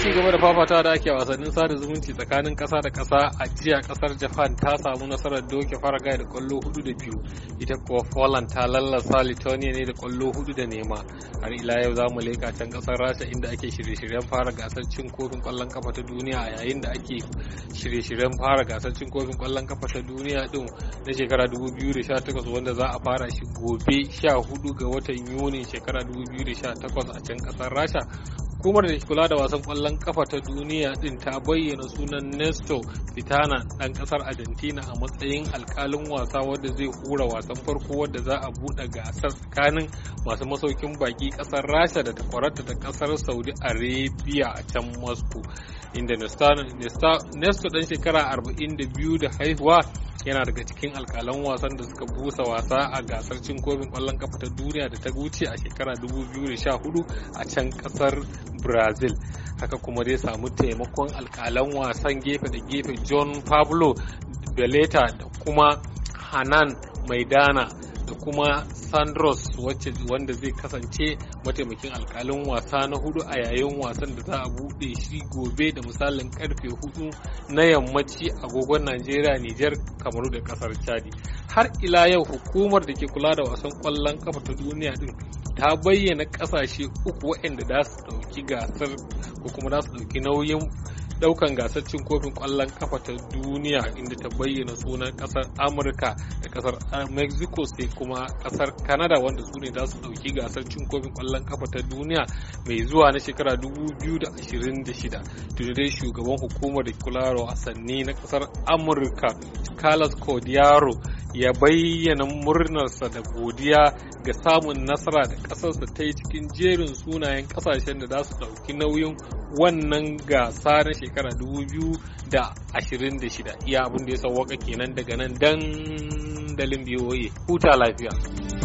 ci gaba da fafata da ake wasannin sada zumunci tsakanin kasa da kasa a jiya kasar japan ta samu nasarar doke faragai da kwallo hudu da biyu ita kuwa poland ta lallasa lithuania ne da kwallo hudu da nema har ila yau za mu leka can kasar rasha inda ake shirye-shiryen fara gasar cin kofin kwallon kafa ta duniya a yayin da ake shirye-shiryen fara gasar cin kofin kwallon kafa ta duniya din na shekara 2018 wanda za a fara shi gobe 14 ga watan yunin shekara 2018 a can kasar rasha hukumar da kula da wasan kwallon kafa ta duniya din ta bayyana sunan nesto fitana dan kasar argentina a matsayin alkalin wasa wadda zai hura wasan farko wadda za a buɗe gasar tsakanin masu masaukin baki kasar rasha da takwarata da kasar saudi arabia a can moscow inda nesto dan shekara 42 da haihuwa yana daga cikin alkalan wasan da suka busa wasa a gasar cin kofin kwallon kafa ta duniya da ta wuce a shekara 2014 a can kasar brazil haka kuma dai samu taimakon alkalan wasan gefe da gefe john pablo beleta da kuma hanan maidana da kuma sandros wanda zai kasance mataimakin alkalin wasa na hudu a yayin wasan da za a bude shi gobe da misalin karfe hudu na yammaci agogon najeriya nijar kamaru da kasar chadi har ila yau hukumar da ke kula da wasan kwallon kafa ta duniya din ta bayyana kasashe uku waɗanda za su ɗauki gasar ko kuma za su ɗauki nauyin daukan gasar cin kofin kwallon kafa ta duniya inda ta bayyana sunan kasar amurka da kasar mexico sai kuma kasar canada wanda su ne za su dauki gasar cin kofin kwallon kafa ta duniya mai zuwa na shekara 2026 dai shugaban hukumar da kula da wasanni na kasar amurka carlos cordiaro ya bayyana murnarsa da godiya ga samun nasara da ƙasarsa ta yi cikin jerin sunayen ƙasashen da za su ɗauki nauyin wannan gasa na shekara 2026 iya abin da ya sauwaka kenan daga nan dandalin biyoyi huta lafiya.